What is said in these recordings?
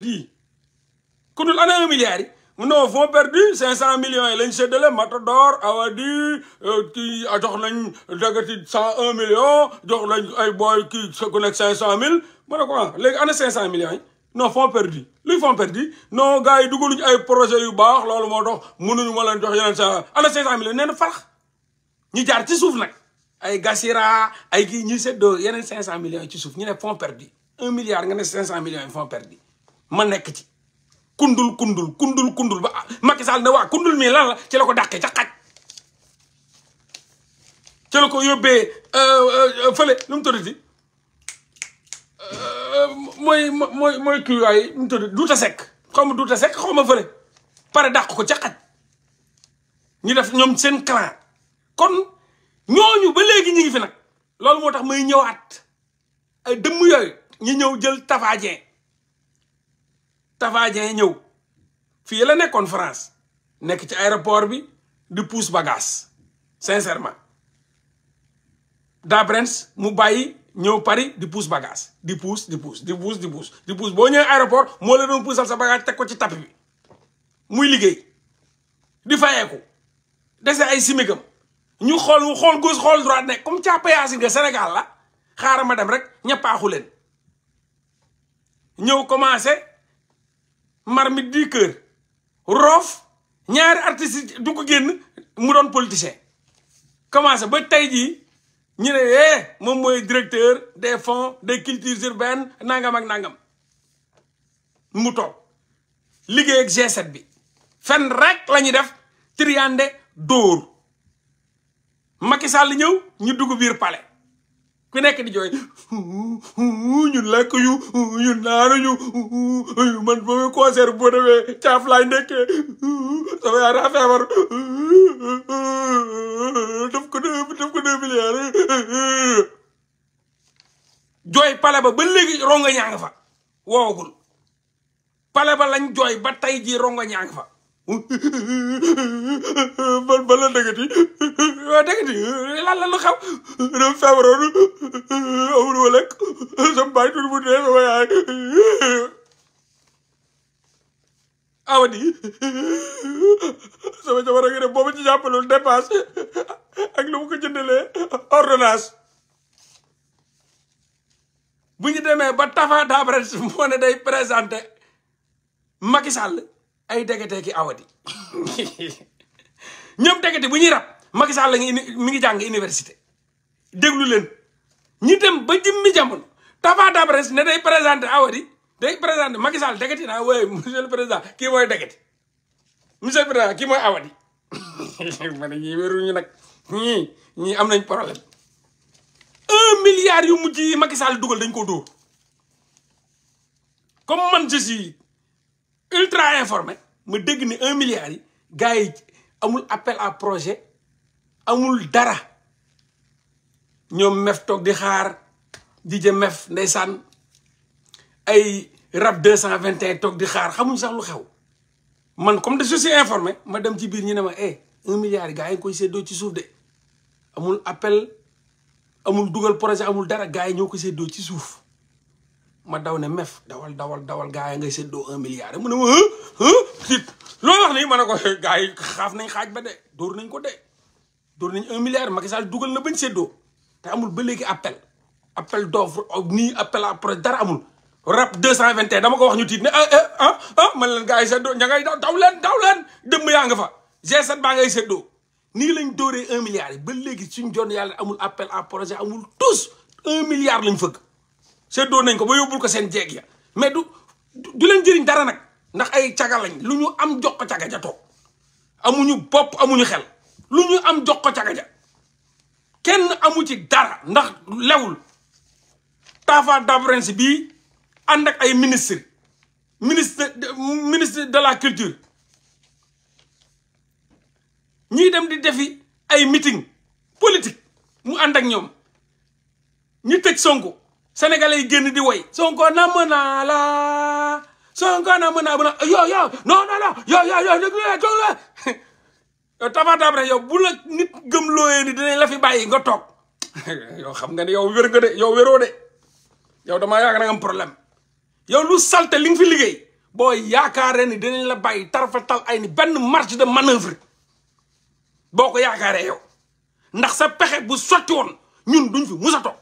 lii ku dul ana un milliard yi non fonds perdu cinq cent millions yi lañ séddale Matador Awadi euh, kii ah, jox lañ dagati cent un million jox lañ ay booy kii ku nekk cinq cent mille ma ne ko ah léegi cinq cent million yi non fonds perdu luy fonds perdu non gars yi dugaluñu ay projet yu baax loolu moo tax mënuñu ma leen jox yeneen sa ana cinq cent millions nee na farax ñu jaar ci suuf nag ay gasira ay kii ñuy yeneen cinq cent millions yi ci suuf ñu ne fonds perdu un milliard nga ne cinq cent millions yi fonds perdu ma nekk ci kundul kundul kundul kundul ba Macky Sall ne waa kundul mii lan la ci ko dàqee ca xaj ci ko yóbbee euh, euh, fële nu mu tuddati euh, mooy mooy mooy kii waay nu mu tuddati duuta sekk xaw ma sekk xaw ma fële pare dàq ko ca xaj ñu def ñoom seen clan kon ñooñu ba léegi ñu ngi fi nag loolu moo tax may ñëwaat ay dëmm yooyu ñu ñëw jël tafaaje Tapha Dieng ñëw fii la nekkoon France nekk ci aéroport bi di pousse bagage sincèrement Dabrens mu bàyyi ñëw Paris di pousse bagage di pousse di pousse di pousse di pousse di pousse boo ñëwee aéroport moo la doon puusal sa bagage teg ko ci tapis bi muy liggéey di fayeeku dese ay simikam ñu xool xool gauche xool droite ne comme càppayaasi nga Sénégal la xaaral ma dem rek ñeppaaxu leen ñëw commencé marmite du cœur roof ñaari artistes du ko génn mu doon politicien commencé ba tey jii ñu ne eh moom mooy directeur des fonds des cultures urbaines nangam ak nangam mu toog liggéey ak g bi fenn rek la ñuy def triande dóor Macky Sall ñëw ñu dugg biir palais ku nekk di jooy ñun lekk yu ñun naanuñu man ba muy concert boo demee caaf laay nekkee sama yaay daa feebar daf ko deux daf ko deux milliards jooy pale ba ba léegi ronga ñaa nga fa woowagul pale ba lañ jooy ba tey ji ronga ñaa nga fa man man la dëggati waaw dëggati lan lan la xew dama feebaroon amul ma lekk sama baay tur bu dee sama yaay awadi sama jabar a ngi ne boobu ci ak lu mu ko jëndalee ordonnance bu ñu demee ba Tafa Dabrès moo ne day présenté Macky ay dagate ki awadi ñoom dagate bu ñuy rab Macky Sall la mi ngi jàng université déglu leen ñi dem ba jëmmi jamono Tafa Dabres ne day présenté awadi day présenté Macky Sall dagate naa waaye monsieur le président kii mooy dagate monsieur président kii mooy awadi ma ne ñii wéruñu nag ñii ñii am nañ problème un milliard yu mujj yi Macky Sall dugal dañ ko dóor comme man je ultra informé ma dégg ni un milliard yi gars yi amul appel à projet amul dara ñoom mef toog di xaar di jë mef ndeysaan ay rab 221 toog di xaar xamuñ sax lu xew man comme de je suis informé ma dem ci biir ñu ne ma eh un milliard gars yi ngi koy séddoo ci suuf de amul appel amul dugal projet amul dara gars yi ñoo ko séddoo ci suuf ma daw ne mef dawal dawal dawal gaa yi ngay séddoo un milliard mu ne ma loolu wax nii ma ne ko gars yi xaaf nañ xaaj ba de door nañ ko de door nañ un milliard Macky Sall dugal na bañ séddoo te amul ba léegi appel appel d'offre oh, nii appel à projet dara amul rap 221 dama ko wax ñu tiit ne ah ah ah man leen gars ngay daw daw leen daw leen yaa nga fa G7 baa ngay séddoo un milliard yi ba léegi suñ joon yàlla amul appel à projet amul tous un milliard lañ fëgg séddoo nañ ko ba yóbbul ko seen jeeg ya mais du du leen jëriñ dara nag ndax ay cagalañ lu ñu am jox ko caga ja amuñu bopp amuñu xel lu ñu am jox ko caga ja kenn amu ci dara ndax lewul Tafa Davrenc bi ànd ak ay ministre ministre ministre de la culture ñii dem di defi ay meeting politique mu ànd ak ñoom ñu tëj Sonko sénégalais yi génn di woy Sonko namm naa la Sonko namm naa bu na yo yo non yo yo yo déglu eh, eh. rek yow bu la nit gëm looyee ni la fi bàyyi nga toog yow xam nga ne yow wér nga de yow wéroo de yow damaa yaakaar nga problème yow lu salte li nga fi liggéey boo yaakaaree ni dinañ la bàyyi tarfatal ay ni benn marge de manœuvre boo ko yaakaaree yow ndax sa pexe bu sotti woon ñun duñ fi musa toog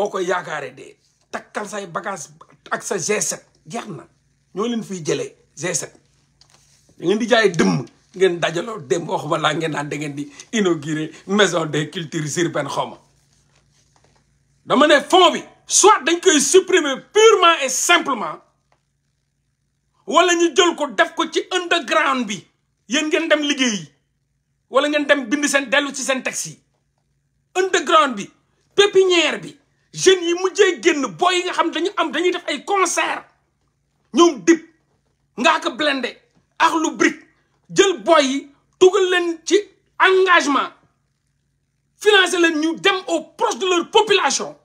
boo koy yaakaaree de takkal say bagage ak sa G7 jeex na ñoo leen fiy jëlee G7 da ngeen di jaay dëmm ngeen dajaloo dem waxuma laa ngeen naan da ngeen di inaugurer maison des cultures benn xawma dama ne fond bi soit dañ koy supprimer purement et simplement wala ñu jël ko def ko ci underground bi yéen ngeen dem liggéey wala ngeen dem bind seen dellu ci seen taxi underground bi pépinière bi jeunes yi mu mujjee génn booy yi nga xam dañu am dañuy def ay concert ñoom dib ngaa ko blende ak lu brique jël booy yi tugal leen ci engagement financer leen ñu dem au proche de leur population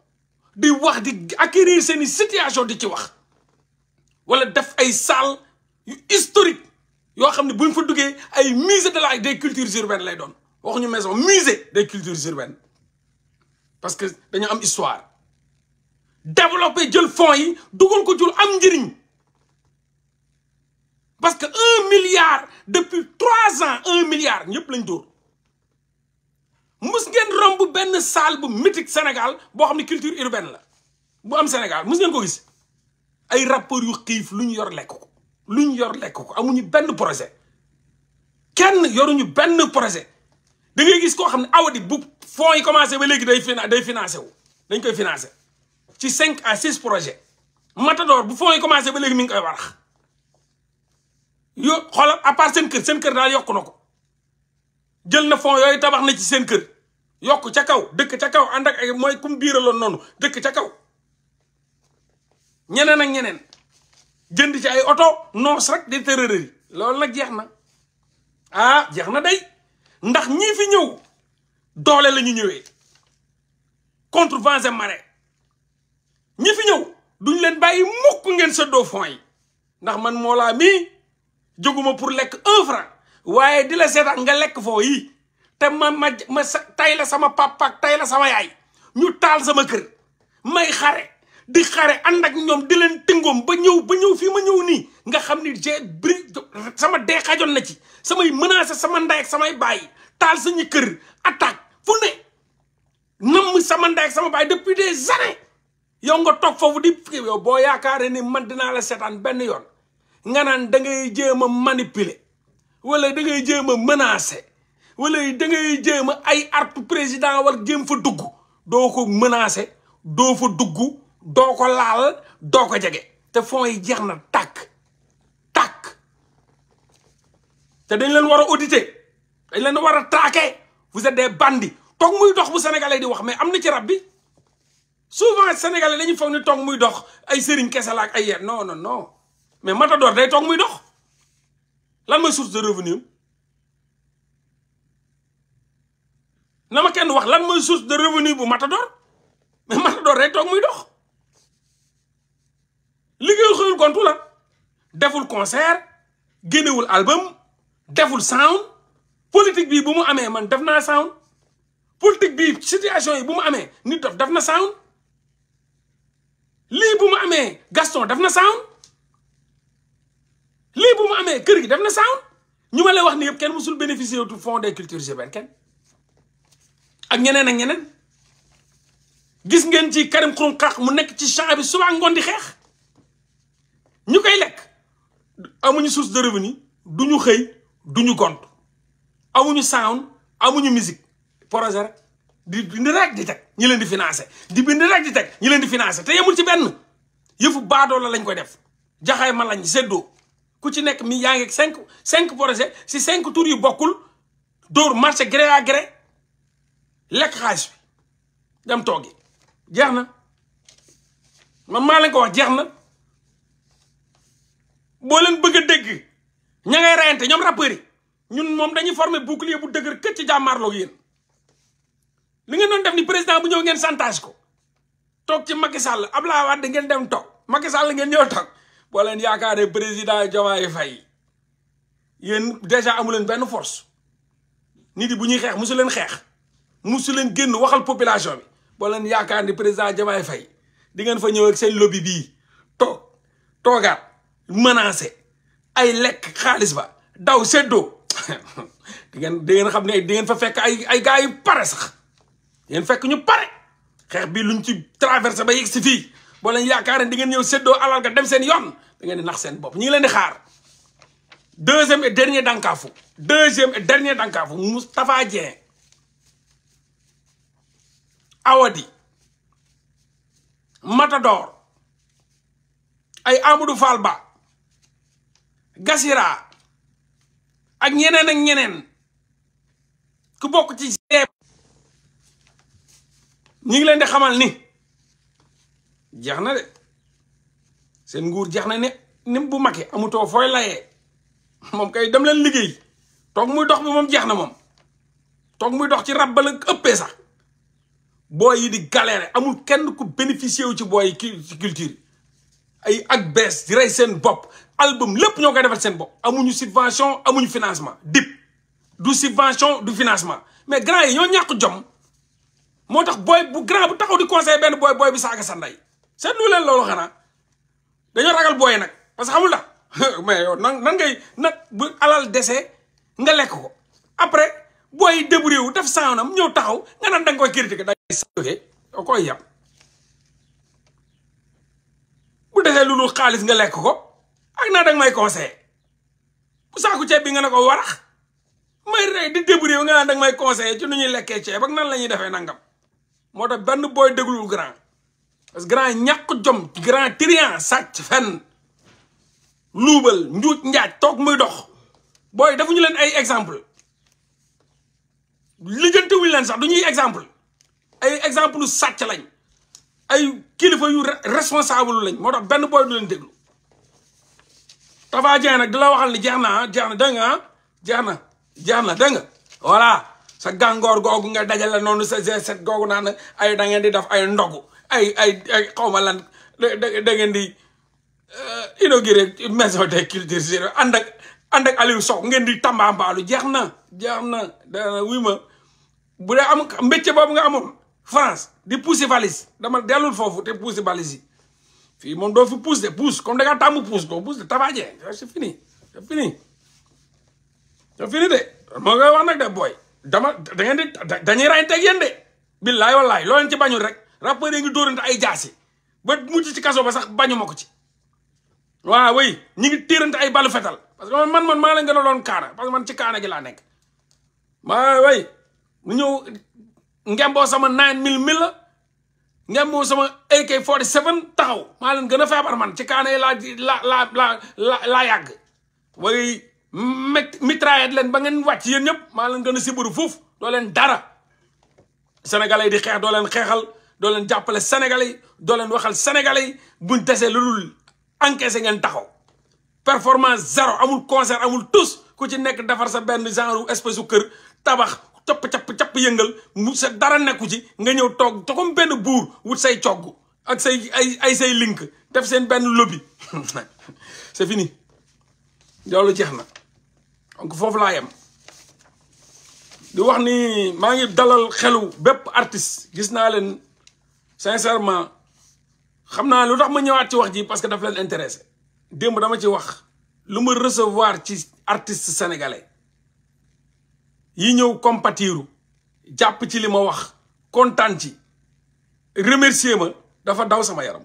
di wax di acquérir seeni situation di ci wax wala def ay salle yu historique yoo xam ne buñ fa duggee ay musée de la des cultures urbaines lay doon waxuñu maison musée des cultures urbaines parce que dañu am histoire développer jël fonds yi dugal ko jul am njëriñ parce que un milliard depuis trois ans un milliard ñëpp lañ dóor mus ngeen romb benn salle bu mythique Sénégal boo xam ne culture urbaine la bu am Sénégal mus ngeen ko gis ay rappeurs yu xiif lu ñu yor lekk ko lu ñu yor lekk ko amuñu benn projet kenn yoruñu benn projet da ngay gis koo xam ne awadi bu fonds yi commencé ba léegi day day financé wu dañ koy financé ci cinq à six projet Matador bu fonds yi commencé ba léegi mi ngi koy warax yo xoolal à part seen kër seen kër daal yokku na ko jël na fonds yooyu tabax na ci seen kër yokk ca kaw dëkk ca kaw ànd ak ay mooy kum biiraloon noonu dëkk ca kaw ñeneen ak ñeneen jënd ci ay oto noos rek di tërërër yi loolu nag jeex na ah jeex na day ndax ñii fi ñëw doole lañu ñëwee contre vents et ñi fi ñëw duñ leen bàyyi mukk ngeen seddoo fonds ndax man moo laa mii jóguma pour lekk un waaye di la seetaan nga lekk foo yi te ma ma ma tay la sama papa ak tay la sama yaay ñu taal sama kër may xare di xare ànd ak ñoom di leen tingoom ba ñëw ba ñëw fii ma ñëw nii nga xam ni j'ai bri sama dee xajoon na ci samay menacé sama nday samay baay taal suñu kër attaque fu ne namm sama nday sama baay depuis des années yow nga toog foofu di yow boo yaakaaree ni man dinaa la seetaan benn yoon nga naan da ngay jéem a manipuler wala da ngay jéem a menacer wala da ngay jéem a ay artu président wala jéem fa dugg doo ko menacer doo fa dugg doo ko laal doo ko jege. te fonds yi jeex na tàkk tàkk te dañ leen war a auditer dañ leen war a traquer vous êtes des bandits toog muy dox bu sénégalais di wax mais am na ci rab bi. souvent sénégalais dañuy foog ni toog muy dox ay sëriñ kese la ak ay yéen non non non mais Matador day toog muy dox lan mooy source na ma kenn wax lan mooy source de revenu bu Matador mais Matador day toog muy dox liggéeyul xëyul la deful concert génnewul album deful sound politique bii bu mu amee man def naa sound politique bi situation yi bu mu amee nit dof def na sound lii bu mu amee Gaston def na sound lii bu mu amee kër gi def na sound ñu ma lay wax ni yëpp kenn musul bénéficier du fond des cultures urbaines kenn ak ñeneen a ñeneen gis ngeen ci Karim Xrum Xax mu nekk ci champ bi suba ngoon di xeex ñu koy lekk amuñu source de revenu duñu xëy duñu gont amuñu sound amuñu musique projet rek di bind rek di teg ñi leen di financé di bind rek di teg ñi leen di financé te yemul ci benn yëfu baadoo lañ koy def jaxaay ma lañ seddoo ku ci nekk mi yaa ngi cinq cinq projet si cinq tours yu bokkul dóor marché gré à gré lekk xaalis bi dem toogi jeex na man maa leen ko wax jeex na boo leen bëgg a dégg ñoom rappeurs yi ñun moom dañuy former bouclier bu dëgër kët ci jàmmaarloo yéen li ngeen doon def ni président bu ñëw ngeen chantage ko toog ci Macky Sall Abdoulaye Wade ngeen dem toog Macky Sall ngeen ñëw toog boo leen yaakaaree président Diomaye Faye yéen déjà amu leen benn force nit yi bu ñuy xeex musu leen xeex musu leen génn waxal population bi boo yaakaar ni président jamaay fay di ngeen fa ñëw ak seen lobby bii toog toogaat menacé ay lekk xaalis ba daw seddoo di ngeen di ngeen xam ne di ngeen fa fekk ay ay gars yu pare sax yéen fekk ñu pare xeex bi luñ ci traversé ba yegg si fii boo leen yaakaar di ngeen ñëw seddoo alal nga dem seen yoon da ngeen nax seen bopp ñu leen di xaar. deuxième dernier dankaafu deuxième et dernier dankaafu Moustapha Dieng Awadi Matador ay Amadou Fall Ba Gassira ak ñeneen ak ñeneen ku bokk ci ñi ngi leen di xamal ni jeex na de seen nguur jeex na ne nim bu màggee amutoo fooy layee moom kay dem leen liggéey toog muy dox bi moom jeex na moom toog muy dox ci rab bala ëppee sax booy yi di galéré amul kenn ku bénéficier wu ci booy yi ci culture ay ak bees di rey seen bopp album lépp ñoo koy defal seen bopp amuñu subvention amuñu financement dip du subvention du financement mais grand yi ñoo ñàkk jom moo tax booy bu grand bu taxaw di conseil benn booy booy bi saaga sa ndey seetlu leen loolu xanaa dañoo ragal booy nag parce que xamul la mais yow nan nan ngay nag bu alal dese nga lekk ko après booy yi wu def saanam ñëw taxaw nga naan da nga koy critiqué day saagee yow koy yàpp bu desee xaalis nga lekk ko ak naa danga may conseil bu saaku ceeb bi nga ne ko warax may rey di débrouillé wu nga naan danga may conseil ci nu ñuy lekkee ceeb ak nan la ñuy defee nangam. moo tax benn booy déglul grand parce que grand ñàkk jom grand trian sàcc fenn luubal njuuj njaaj toog muy dox booy dafa ñu leen ay exemple lijjanti wuñu leen sax du ñuy exemple ay exemple lu sàcc lañ ay kilifa yu responsable lañ moo tax benn booy du leen déglu Tapha Dieng nag waxal ni jeex na jeex na dégg nga jeex na jeex na dégg nga sa gàngoor googu nga dajale noonu sa G7 googu naan ay da ngeen di def ay ndogu ay ay ay xawma lan da ngeen di euh, inauguré maison des cultures zéro ànd ak ànd ak Aliou ngeen di tambaambaalu jeex na jeex na dana wuy ma bu dee am mbécce boobu nga amoon France di poussi valise dama dellul foofu te poussi valise yi fii moom doo fi pousse de pousse comme da ngaa tàmm pousse doo pousse de tabaajee c'est fini c'est fini de moo koy wax nag de booy dama da ngeen di dañuy rayante ak yéen de billaay wallaay loo leen ci bañul rek rappeurs yi ngi dóorante ay jaasi ba mujj ci kaso ba sax bañu ma ko ci waaw oui ñi ngi téerante ay balu fetal parce que man man maa la gën a doon kaana parce que man ci kaana gi laa nekk maa way mu ñëw ngemboo sama nine mil mille la ngemboo sama AK 47 taxaw maa leen gën a feebar man ci kaana yi laa laa laa laa laa yàgg mitraillette leen ba ngeen wàcc yéen ñëpp maa leen gën a sibaru doo leen dara sénégalais yi di xeex doo leen xeexal doo leen jàppale sénégalais doo leen waxal sénégalais yi buñ desee lu dul ngeen taxaw performance zéro amul concert amul tous ku ci nekk defar sa benn genre espèce u kër tabax capp capp capp yëngal mu sa dara nekku ci nga ñëw toog comme benn buur wut say cogg ak say ay ay say link def seen benn lobby c'est doolu jeex na donc foofu laa yem di wax ni maa ngi dalal xelu bépp artiste gis naa leen sincèrement xam naa lu tax ma ñëwaat ci wax ji parce que daf leen intéressé démb dama ci wax lu ma recevoir ci artiste sénégalais yi ñëw compatiru jàpp ci li ma wax kontaan ci remercier ma dafa daw sama yaram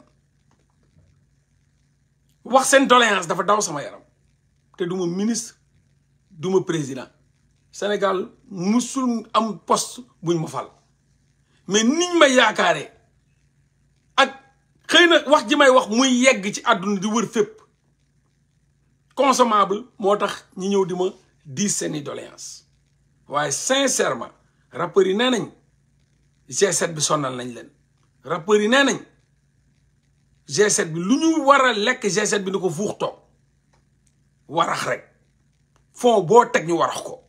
wax seen doléance dafa daw sama yaram te du ministre duma président Sénégal musul am poste buñ ma fal mais niñ ma yaakaaree ak xëy na wax ji may wax muy yegg ci àdduna di wër fépp consommable moo tax ñi ñëw di ma di seeni doléance waaye sincèrement rappeurs yi nee nañ G7 bi sonnal nañ leen rappeurs yi nee nañ g bi lu ñu war lekk g bi ni ko fuux toog warax rek fond boo teg ñu warax ko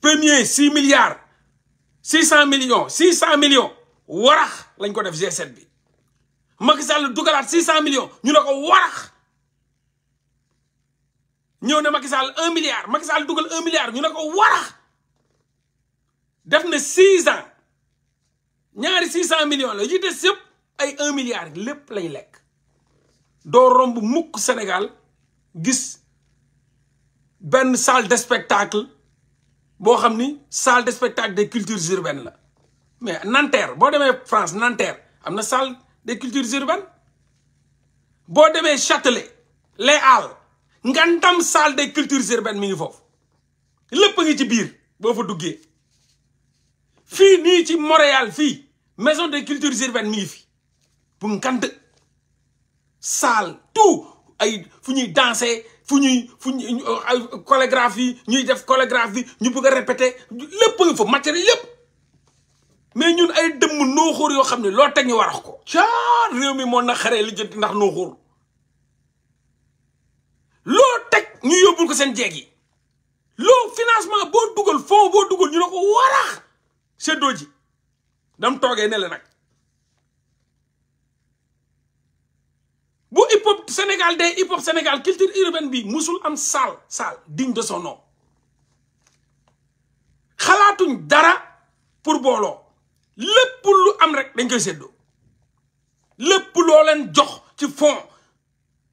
premier six milliards six cent millions six cent millions warax lañ ko def g bi Macky Sall dugalaat six cent ñu ne ko warax ñëw ne Macky Sall un milliard Macky Sall dugal un milliard ñu ne ko warax def na six ans ñaari six cent millions la yi des yëpp ay un milliard lépp lañ lekk doo romb mukk Sénégal gis benn salle de spectacle boo xam ni salle de spectacle des cultures urbaines la mais Nanterre boo demee France Nanterre am na salle des cultures urbaines boo demee Châtelet Les Halles ngantam salle des cultures urbaines mi ngi foofu lépp a ngi ci biir boo fa duggee fii ni ci Montréal fii maison des cultures urbaines mi ngi fi bu ngant salle tout ay fu ñuy danser fu ñuy fu ñuy euh, chorégraphe yi ñuy def chorégraphe bi ñu bëgg a répéter lépp nga fa matériel yépp mais ñun ay dëmm nooxóor yoo xam ne loo teg ñu ko caar réew mi na xaree li jënd ndax nooxóor loo teg ñu yóbbul ko seen jeeg loo financement boo dugal fond boo dugal ñu ne ko warax seddoo ji dam toogee ne la nag bu hip Sénégal dee hip Sénégal culture urbaine bi musul am salle salle diñ de son xalaatuñ dara pour booloo lépp lu am rek dañ koy séddoo lépp loo jox ci fond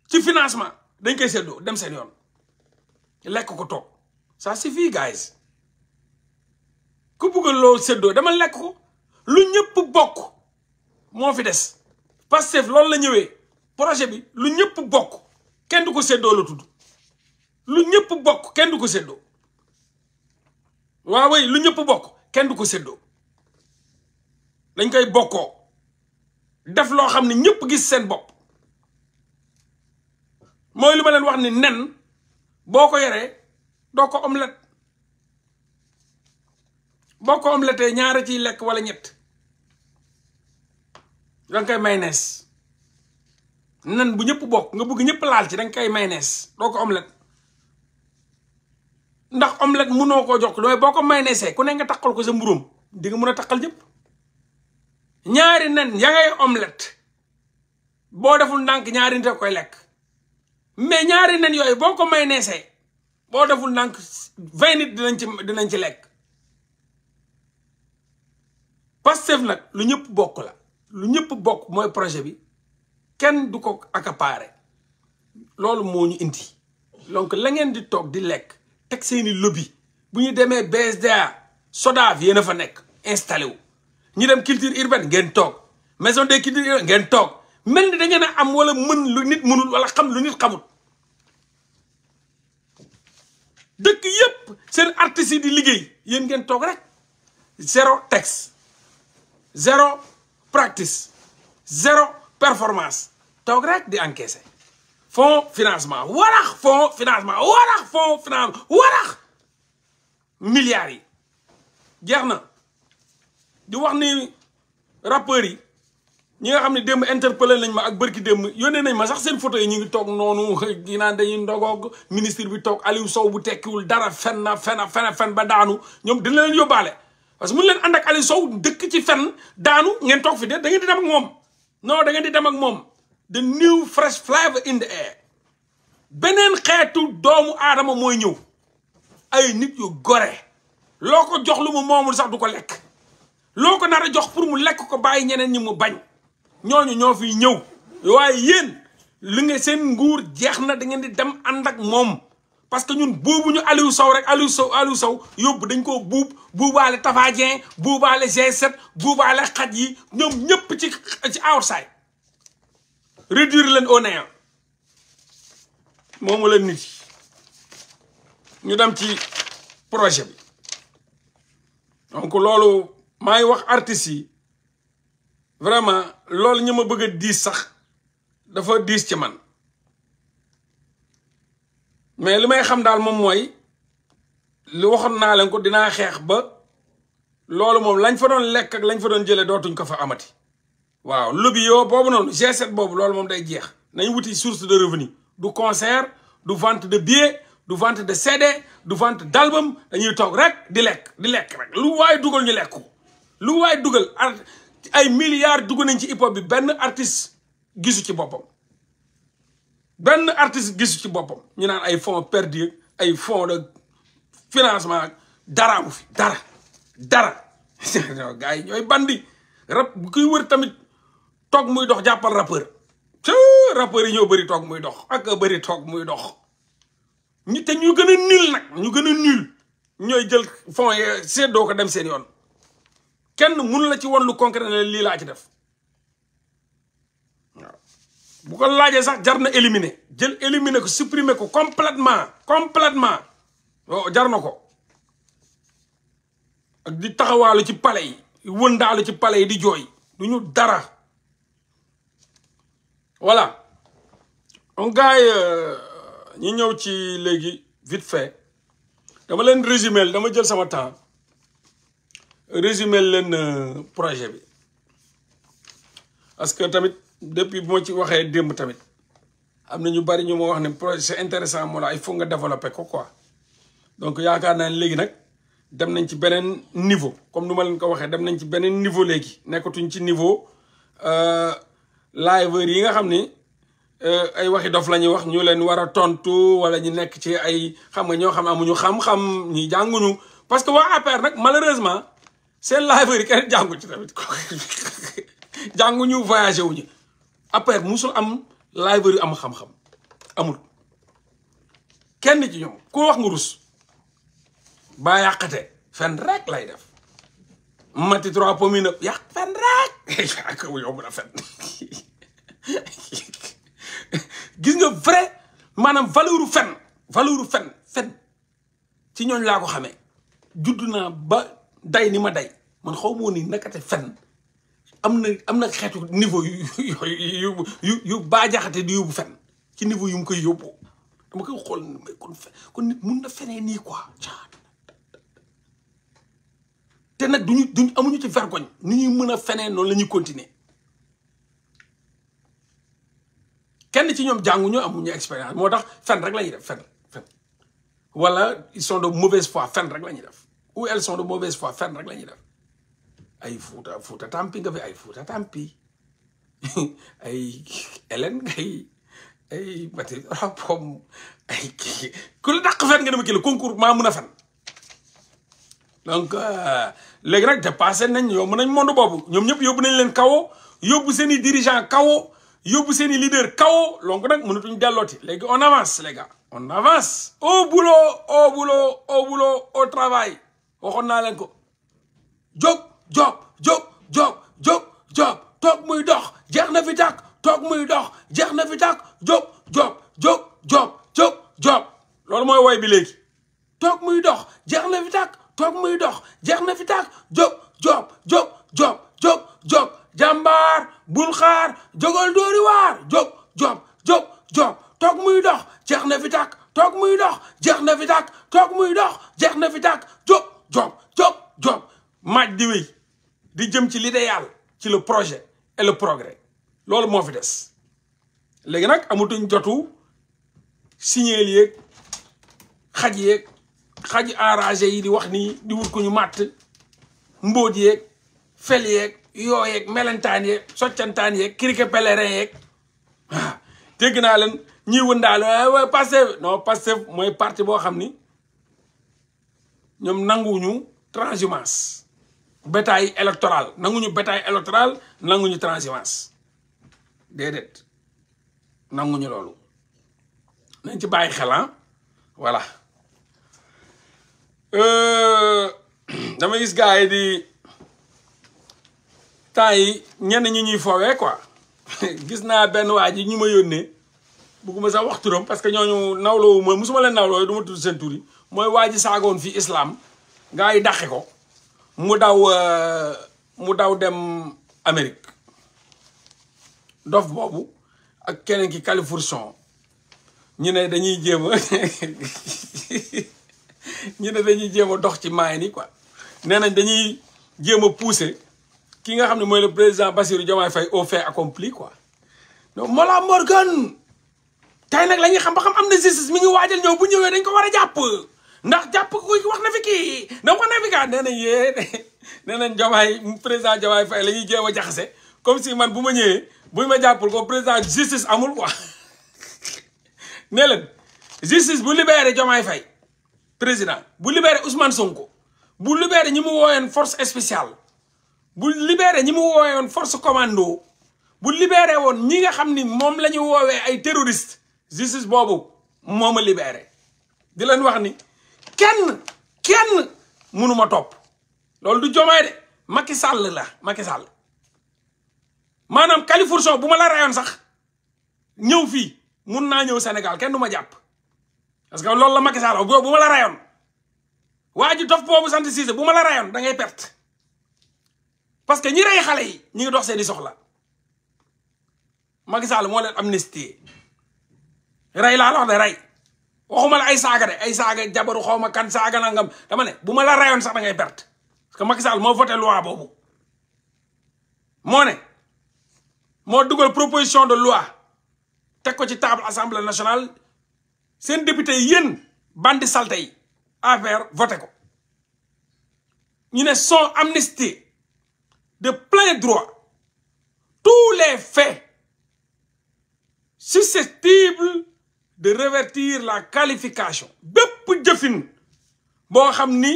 ci financement dañ koy séddoo dem seen yoon lekk ko toog ça suffit guys ku bugg loo séddoo dama lekk ko lu ñëpp bokk moo fi des Pastef loolu la ñëwee. projet bi lu ñëpp bokk kenn du ko séddoo la tudd lu ñépp bokk kenn du ko séddoo waaw lu ñëpp bokk kenn du ko séddoo dañ koy bokkoo def loo xam ne ñëpp gis seen bopp mooy lu ma leen wax ni nen boo ko yoree doo ko omelette boo ko omelettee ñaara ciy lekk wala ñett danga koy mayonnaise nan bu ñëpp bokk nga bëgg ñëpp laal ci danga nga koy mayonnaise doo ko omelette ndax omelette mënoo koo jox dooy boo ko may mayonnaise ku ne nga takkal ko sa mburóom di nga mën a takkal ñëpp ñaari nen ya ngay boo deful ndànk ñaari nit koy lekk mais ñaari nen yooyu boo ko may mayonnaise boo deful ndànk vingt nit dinañ ci dinañ ci lekk Pastef nag lu ñëpp bokk la lu ñëpp bokk mooy projet bi kenn du ko accaparé loolu moo ñu indi donc la ngeen di toog di lekk teg seeni lobby bu ñu demee BSDA SODAV yéen a fa nekk installé wu ñu dem culture urbaine ngeen toog maison des cultures urbaines toog mel ni da ngeen a am wala mën lu nit mënul wala xam lu nit xamul dëkk yëpp seen artistes yi di liggéey yéen ngeen toog rek zéro texte zéro practice zéro performance toog rek di encaissé fonds financement warax fonds financement warax fonds finance warax milliards yi jeex na di wax ni rappeurs yi ñi nga xam ne dem interpellé nañ ma ak bërki démb yónnee nañ ma sax seen photo yi ñu ngi toog noonu ñu naan dañuy ndogoog ministre bi toog Aliou soow bu tekkiwul dara fen na fen fen fen ba daanu ñoom dina leen yóbbaale parce que mu leen ànd ak Aliou Sow dëkk ci fen daanu ngeen toog fi de da ngeen di dem moom noonu dangeen ngeen di dem ak moom the new fresh flavor in the air beneen xeetu doomu aadama mooy ñëw ay nit yu gore loo ko jox lu mu moomul sax du ko lekk loo ko nar a jox pour mu lekk ko bàyyi ñeneen ñi mu bañ ñooñu ñoo fiy ñëw waaye yéen li nga seen nguur jeex na da ngeen di dem ànd ak moom parce que ñun buubu ñu Aliou saw rek Aliou Sow Aliou Sow yóbbu dañ koo buub buubaale Tafa Dieng buubaale G7 buubaale xaj yi ñoom ñëpp ci ci outside réduire leen au néant moomu leen nit ñu dem ci projet bi donc loolu maa ngi wax artistes yi vraiment loolu ñu ma bëgg diis sax dafa diis ci man mais li may xam daal moom mooy li waxoon naa leen ko dinaa xeex ba loolu moom lañ fa doon lekk ak lañ fa doon jëlee dootuñ ko fa amati waaw lobby yoo boobu noonu G7 boobu loolu moom day jeex nañu wuti source de revenu du concert du vente de billets du vente de CD du vente d'album dañuy toog rek di lekk di lekk rek lu waaye dugal ñu lekk ko lu waay dugal ay milliards dugg nañ ci hip hop bi benn artiste gisu ci boppam benn artiste gisu ci boppam ñu naan ay fonds perdus ay fonds de financement dara amu fi dara dara yi ñooy bandi rab bu wër tamit toog muy dox jàppal rappeur te rappeur yi ñoo bëri toog muy dox ak bari toog muy dox ñu te ñu gën a nul nag ñu gën a nul ñooy jël fond yi seddoo ko dem seen yoon kenn mënu la ci wan lu concret ne lii laa ci def waaw bu ko laajee sax jar na éliminer jël éliminer ko supprimer ko complètement complètement oh, jar na ko ak di taxawaalu ci pale yi wëndaalu ci pale yi di jooy du ñu dara voilà donc gars yi euh, ñu ñëw ci léegi vite fait dama leen résumer dama jël sama temps résumer leen euh, projet bi parce que tamit depuis bu ma ci waxee démb tamit am na ñu bari ñu ma wax ne projet c'est intéressant moo la il faut nga développer ko quoi donc yaakaar naa ne léegi nag dem nañ ci beneen niveau comme nu ma leen ko waxee dem nañ ci beneen niveau léegi nekkatuñ ci niveau euh, liveur yi nga xam ni euh, ay waxi dof la ñuy wax ñu leen war a tontu wala ñu nekk ci ay xam nga ñoo xam amuñu xam-xam ñi jànguñu parce que waa APR nag malheureusement seen liveur yi kenn jàngu ci tamit jànguñu voyagé wuñu APR musul am liveur yu am xam-xam amul kenn ci ñoom ku wax nga rus baa yàqate fen rek lay def mati trois pomi na yàq fen rek ak yow mën a fen gis vrai maanaam valeuru fen valeuru fen fen ci ñooñ laa ko xamee judd naa ba day ni ma day man xaw moo ni nakate fen am na am na xeetu niveau yu yu yu yu baajaxate di yóbbu fen ci niveau yu mu koy yóbbu dama koy xool kon kon nit mun na fenee nii quoi te nag duñu duñ amuñu ci vergogne nu ñuy mën a feneen noonu la ñuy continuer kenn ci ñoom jànguñu amuñu expérience moo tax fen rek la def fen fen wala ils sont de mauvaise foi fen rek la ñuy def ou elles sont de fen rek la ñuy def ay fuuta fuuta tampi nga fi ay fuuta tampi ay elen ngay ay bati rapom ay kii ku la dàq fen nga dama kii la concours maa mën a fen donc euh, léegi nag dépassé nañ yomb nañ monde boobu ñoom ñëpp yóbbu nañ leen kawo yóbbu seen i dirigeant kawo yóbbu seen i leader kawo donc nag mënatuñ dellooti léegi on avance les gars on avance au boulot au boulot au boulot au travail waxoon naa leen ko jóg jóg jóg jóg jóg jóg toog muy dox jeex na fi tàkk toog muy dox jeex na fi tàkk jóg jóg jóg jóg jóg jóg loolu mooy woy bi léegi toog muy dox jeex na fi tàkk toog muy dox jeex na fi taag jóg jóg jóg jóg jóg jóg jàmbaar bul xaar jógal dóori waar jóg jóg jóg jóg toog muy dox jeex na fi taag toog muy dox jeex na fi taag toog muy dox jeex na fi taag jóg jóg jóg jóg maaj di wéy di jëm ci l'idéal ci le projet et le progrès loolu moo fi des léegi nag amatuñ jotu signeel yeeg xaj yeeg xaji arrangé yi di wax nii di wut ko ñu màtt mbóot yeeg fel yeeg yoo yeeg melentaan yeeg soccantaan yeeg criquet pèlerin yeeg waaw ah, dégg naa leen ñi wëndaal waaw Pastef non Pastef mooy parti boo xam ni ñoom nanguñu transhumance bétail électoral nanguñu bétail électoral nanguñu transhumance déedéet nanguñu loolu nañ ci bàyyi xel ah, voilà Euh, dama gis gars yi di temps yi ñenn ñi ñuy foowee quoi gis naa benn waa yi ñu ma yónnee bugguma sax wax turam parce que ñooñu nawloowu ma musuma leen nawloo du tudd seen tur mooy waa ji saagoon fii islam gars yi dàqe ko mu daw euh, mu daw dem Amérique dof boobu ak keneen ki Californie ñu ne dañuy jéem a ñu ne dañuy jéem a dox ci maay ni quoi nee nañ dañuy jéem a pousser ki nga xam ne mooy le président Bassirou Diomaye fay au fait accompli quoi donc Mollah Morgun tey nag la ñuy xam ba xam am na justice mi ngi waajal ñëw bu dañ ko war a jàpp ndax jàpp ku wax na fi kii da wax na fi nee nañ yee nee nañ Diomaye président Diomaye Faye la ñuy jéem a jaxase comme si man bu ma ñëwee buñ ma jàppul ko président justice amul quoi ne leen justice bu libéré Diomaye fay président bu libéré Ousmane Sonko bu libéré ñi mu wooyoon force spéciale bu libéré ñi mu wooyoon force commando bu libéré woon ñi nga xam ni moom la ñu woowee ay terroriste justice boobu moo ma libéré di leen wax ni kenn kenn mënu ma topp loolu du jomaay de Macky Sall la Macky Sall maanaam Califourchon bu ma la rayoon sax ñëw fii mun naa ñëw Sénégal kenn du ma jàpp parce que loolu la Macky Sall bu ma la rayoon waa ji dof boobu sant Cissé bu ma la rayoon da ngay perte parce que ñi rey xale yi ñi ngi dox seeni soxla Macky moo leen amnistie rey laa la wax de rey waxuma la ay saaga de ay saaga jabaru xaw ma kan saaga nangam dama ne bu ma la rayoon sax da ngay perte parce que Macky moo voté loi boobu moo ne moo dugal proposition de loi teg ko ci table assemblée nationale seen député yéen bandi salte yi affaire voté ko ñu ne sont amnistiés de plein droit tous les faits susceptibles de revertir la qualification bépp jëffin boo xam ni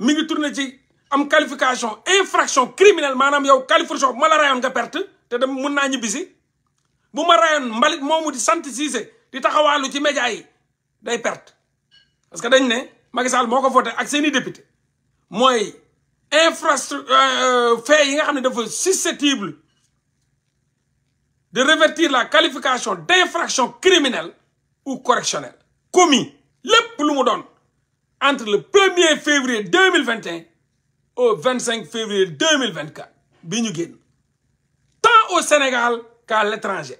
mi ngi tourné ci am qualification infraction criminelle maanaam yow qualification bu ma la rayoon nga perte te dem mun naa ñibbisi bu ma rayoon mbalit moomu di sant Cissé di lu ci média yi day perte parce que dañ ne Macky Sall moo ko voté ak seen i député mooy infrastructure euh, euh, fait yi nga xam ne dafa susceptible de revêtir la qualification d'infraction criminelle ou correctionnelle commis lépp lu mu doon entre le premier février deux mille vingt et au vingt cinq février deux mille vingt quatre bi ñu génn tant au Sénégal qu'à l'étranger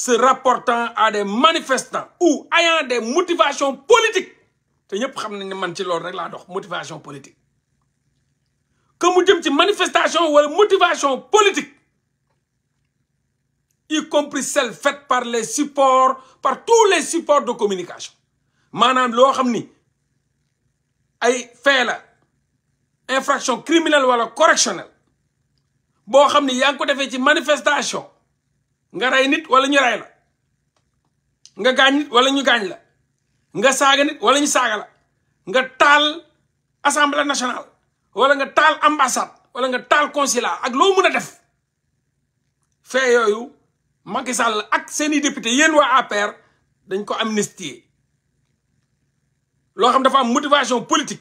se rapportant à des manifestants ou ayant des motivations politiques te ñëpp xam nañ ne man ci loolu rek laa dox motivation politique que mu jëm ci manifestation wala motivation politique y compris celle faite par les supports par tous les supports de communication maanaam loo xam ni ay fee la infraction criminelle wala correctionnelle boo xam ni yaa ngi ko defee ci manifestation nga rey nit wala ñu rey la nga gaañ wala ñu gaañ la nga saaga nit wala ñu saaga la nga taal assemblée nationale wala nga taal ambassade wala nga taal consulat ak loo mën a def fee yooyu Macky Sall ak seeni député yéen waa APR dañ ko amnistier loo xam dafa am motivation politique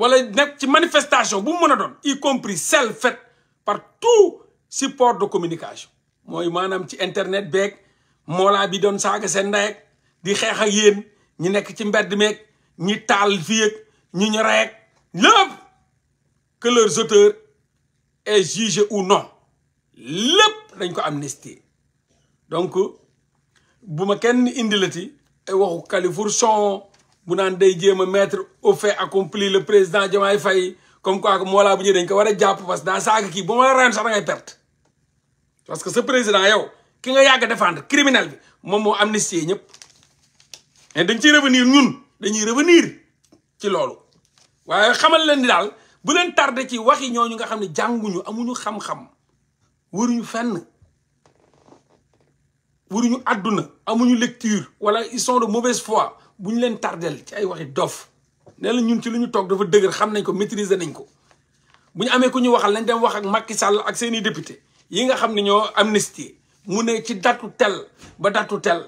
wala nekk ci manifestation bu mu mën a doon y compris celle faite par tout support de communication mooy maanaam ci internet beeg moolaa bi doon saaga seen ndey di xeex ak yéen ñi nekk ci mbedd meeg ñi taal fii ak ñi ñu rey ak lépp que leurs auteurs est jugé ou non lépp dañ ko amnistier donc bu ma kenn indilati ay waxu Califourchon bu naan day jéem a mettre au fait accompli le président Diomaye Faye comme quoi que moolaa bu ñu dañ ko war a jàpp parce que daa saaga kii bu ma la reyoon sax ngay perte parce que sa président yow ki nga yàgg a défendre criminel bi moom moo amnistie ñëpp mais dañ ciy revenir ñun dañuy revenir ci loolu waaye xamal leen ni daal bu leen tarde ci waxi ñooñu nga xam ne jànguñu amuñu xam-xam waruñu fenn waruñu àdduna amuñu lecture wala ils sont de mauvaise foi bu ñu leen tardel ci ay waxi dof nee la ñun ci lu ñu toog dafa dëgër xam nañ ko maîtriser nañ ko bu ñu amee ku ñu waxal nañ dem wax ak Macky sàll ak seeni député yi nga xam ne ñoo amnistie mu ne ci datu tel ba datu tel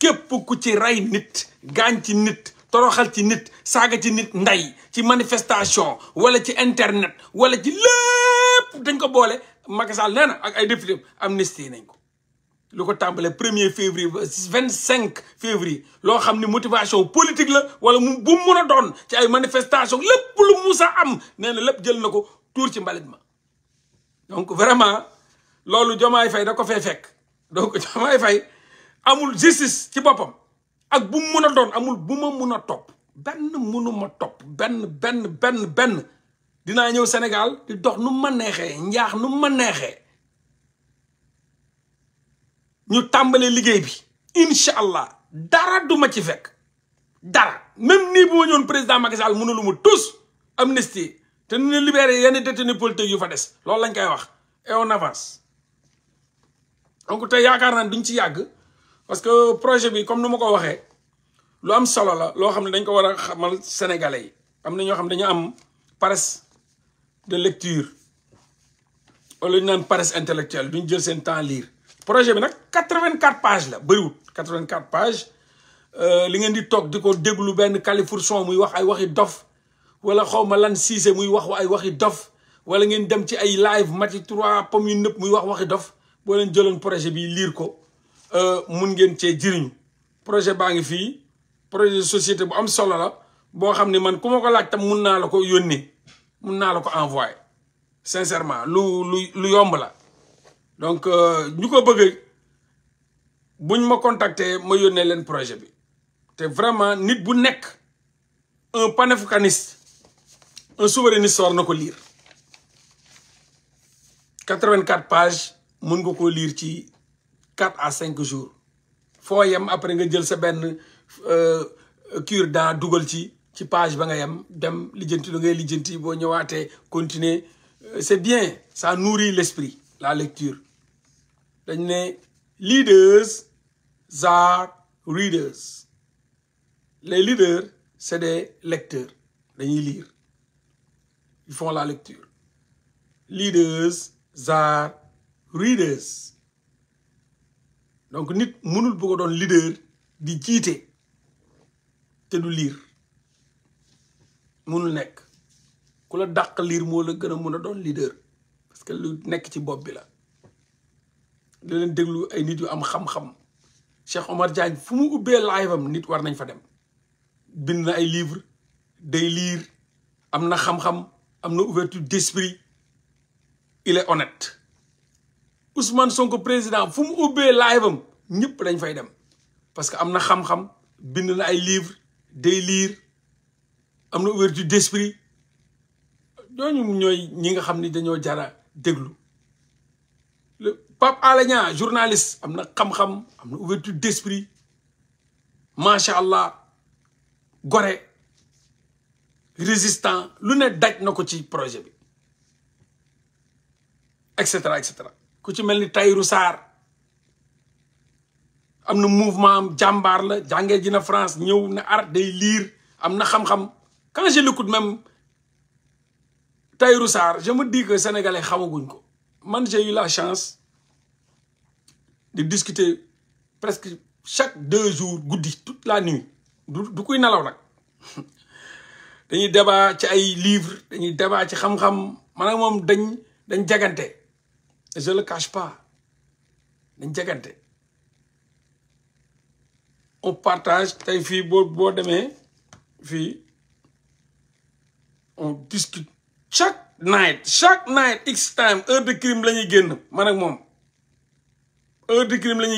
képp ku ci ray nit gaañ ci nit toroxal ci nit saaga ci nit nday ci manifestation wala ci internet wala ci lépp dañ ko boole Macky Sall nee na ak ay député amnistie nañ ko lu ko tambale premier février ba vingt cinq février loo xam ni motivation politique la wala mu bu mun a doon ci ay manifestation lépp lu musa am nee na lépp jël na ko tuur ci mbalit ma donc vraiment loolu Jomaay Fay da ko fay fekk donc Jomaay Fay amul justice ci boppam ak bu mu mun a doon amul bu ma mun a topp benn ma topp benn benn benn benn dinaa ñëw Sénégal di dox nu ma neexee njaax nu ma neexee ñu tàmbalee liggéey bi incha allah dara du ma ci fekk dara même nii bu ma ñëwoon président Macky Sall mënu lu mu tous amnistie te ñu libéré yenn ni politiques yu fa des loolu lañ koy wax et on avance donc te yaakaar naan duñ ci yàgg parce que projet bi comme nu ma ko waxee lu am solo la loo xam ne dañ ko war a xamal sénégalais yi am na ñoo xam ne dañu am paresse de lecture wala ñu naan paresse intellectuelle ñu jël seen temps liir projet bi nag quatre-vingt-quatre pages la bëriwut quatre-vingt-quatre pages euh, li ngeen di toog di ko déglu benn Kaliphone muy wax ay waxi dof wala xaw ma lan siise muy wax ay waxi dof wala ngeen dem ci ay live mati trois pom yu nëpp muy wax waxi dof boo leen jëloon projet bi liir ko euh, mun ngeen cee jiriñ projet baa ngi fii projet société bu am solo la boo xam ne man ku ma ko laaj tam mun naa la ko yónnee mun naa la ko envoyé sincèrement lu lu lu yomb la donc euh, ñu ko bëggee buñ ma contacter ma yónnee leen projet bi te vraiment nit bu nekk un panafricaniste un souverainiste war na ko lire quatre-vingt-quatre pages mun nga koo liir ci quatre à cinq jours foo yem après nga jël sa benn euh, cure-dent dugal ci ci page ba nga yem dem lijjanti lu ngay lijjanti boo ñëwaatee continuer euh, c'est bien ça nourrit l'esprit la lecture dañ ne leaders are readers les leaders c'est des lecteurs dañuy lire ils font la lecture. Leaders are readers. donc nit mënul bu doon leader di jiite te du liir mënul nekk ku la dàq liir moo la gën a mën a doon leader parce que lu nekk ci bopp bi la. da leen déglu ay nit yu am xam-xam Cheikh Omar Diagne fu mu ubbee live am nit war nañ fa dem bind na ay livre day liir am na xam-xam. am na ouverture d'esprit il est honnête Ousmane Sonko président fu mu ubbee live am ñëpp dañ fay dem parce que am na xam-xam bind na ay livres day lire am na ouverture d'esprit ñooñu ñooy ñi nga xam ni dañoo jara déglu le Pape Alé Niang journaliste am na xam-xam am na ouverture d'esprit macha allah gore résistant lu ne daj na ko ci projet bi et cetera et ku ci mel ni Tahirou saar am na mouvement am jàmbaar la jàngee ji na France ñëw na art day liir am na xam-xam quand je l'écoute même Tahirou Sarr je me dis que sénégalais xamaguñ ko man j'ai eu la chance de discuter presque chaque deux jours guddi tout la nuit du du kuy nelaw nag dañuy débat ci ay livres dañuy débat ci xam-xam man moom dañ dañ jagante je le cache dañ jagante on partage tey fii boo boo demee fii on discute chaque night chaque night x time heure de crime la génn man moom heure de crime la